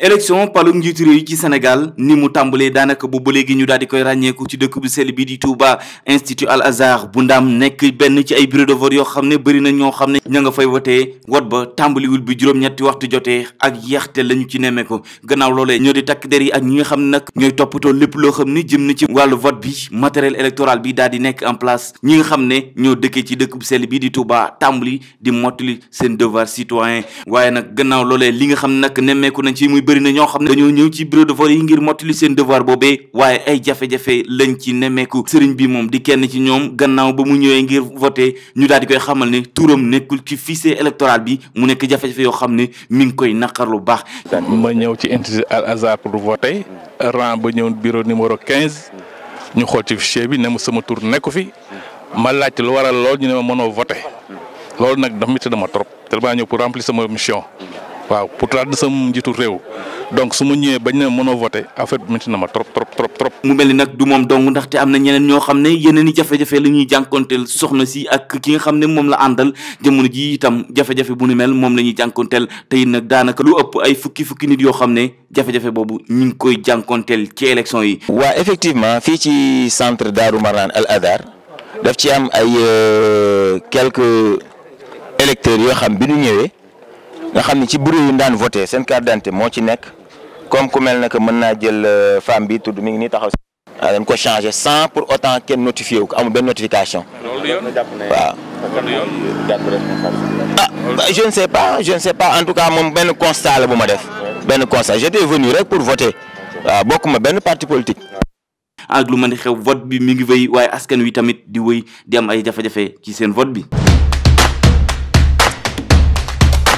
élection palug njiitu réew yi ci Sénégal ni mu tàmbalee daanaka bu ba léegi ñu daal koy ràññeeku ci dëkk bu sell bi di Touba institut Al Azhar bu ay bureau de vote yoo xam ne bëri na ñoo xam ne ña nga fay wotee wot ba tàmbaliwul bi juróom-ñetti waxtu jotee ak yeexte lañu ci nemmee gannaaw loolee ñoo di takk der yi ak ñi nga xam ne nag ñooy toppatoo lépp loo xam ne jëm na ci wàllu vote bi matériel électoral bi daal di nekk en place ñi nga xam ne ñoo dëkkee ci dëkk bu sell bi di Touba tàmbali di mottali seen devoir citoyen waaye nag gannaaw loolee li nga xam ne nag nemmeeku nañ ci muy bëri na ñoo xam ne dañoo ñëw ci bureau de vote yi ngir mottali seen devoir boobee waaye ay jafe-jafe lañ ci nemmeeku sëriñ bi moom di kenn ci ñoom gannaaw ba mu ñëwee ngir vote ñu daal di koy xamal ne turam nekkul ci fichier électoral bi mu nekk jafe yoo xam ne mi ngi koy naqar lu baax. ma ñëw ci institut Al Azhar pour voter ba ñëw bureau numéro 15 ñu xool bi ne ma sama tur nekku fi ma laajte lu waral lool ñu ne ma mënoo voter loolu nag dafa métti dama trop tellement ñëw pour remplir sama mission. waaw pour la sama njiitu réew donc su ma ñëwee bañ na mënoo voté affaire bi métti na ma trop trop trop trop. mu mel ni nag du moom dong ndaxte am na ñeneen ñoo xam ne yeneen i jafe-jafe la ñuy jànkonteel soxna si ak ki nga xam ne moom la àndal jamono ji itam jafe-jafe bu ni mel moom la ñuy jànkonteel tey nag daanaka lu ëpp ay fukki fukki nit yoo xam ne jafe-jafe boobu ñu ngi koy jànkonteel ci élection yi. waa effectivement fii ci centre Darou Marnane Al Hadar daf ci am ay euh, quelques électeurs yoo xam bi ñu ñëwee. nga xam ni ci bureau yi daan voté seen carte d'identité moo ci nekk comme ku mel ne que mën naa jël euh, femme bi tudd mi ngi nii taxaw si. ko changé sans pour autant kenn notifié wu ko amul benn notification. loolu yoon waaw. ah ne sais pas en tout cas moom benn constat la bu ma def. benn constat j'étais venu rek pour voter. waaw bokkuma benn parti politique. ak lu mën a xew vote bi mi ngi wéy waaye askan wi tamit di wéy di am ay jafe-jafe ci seen vote bi.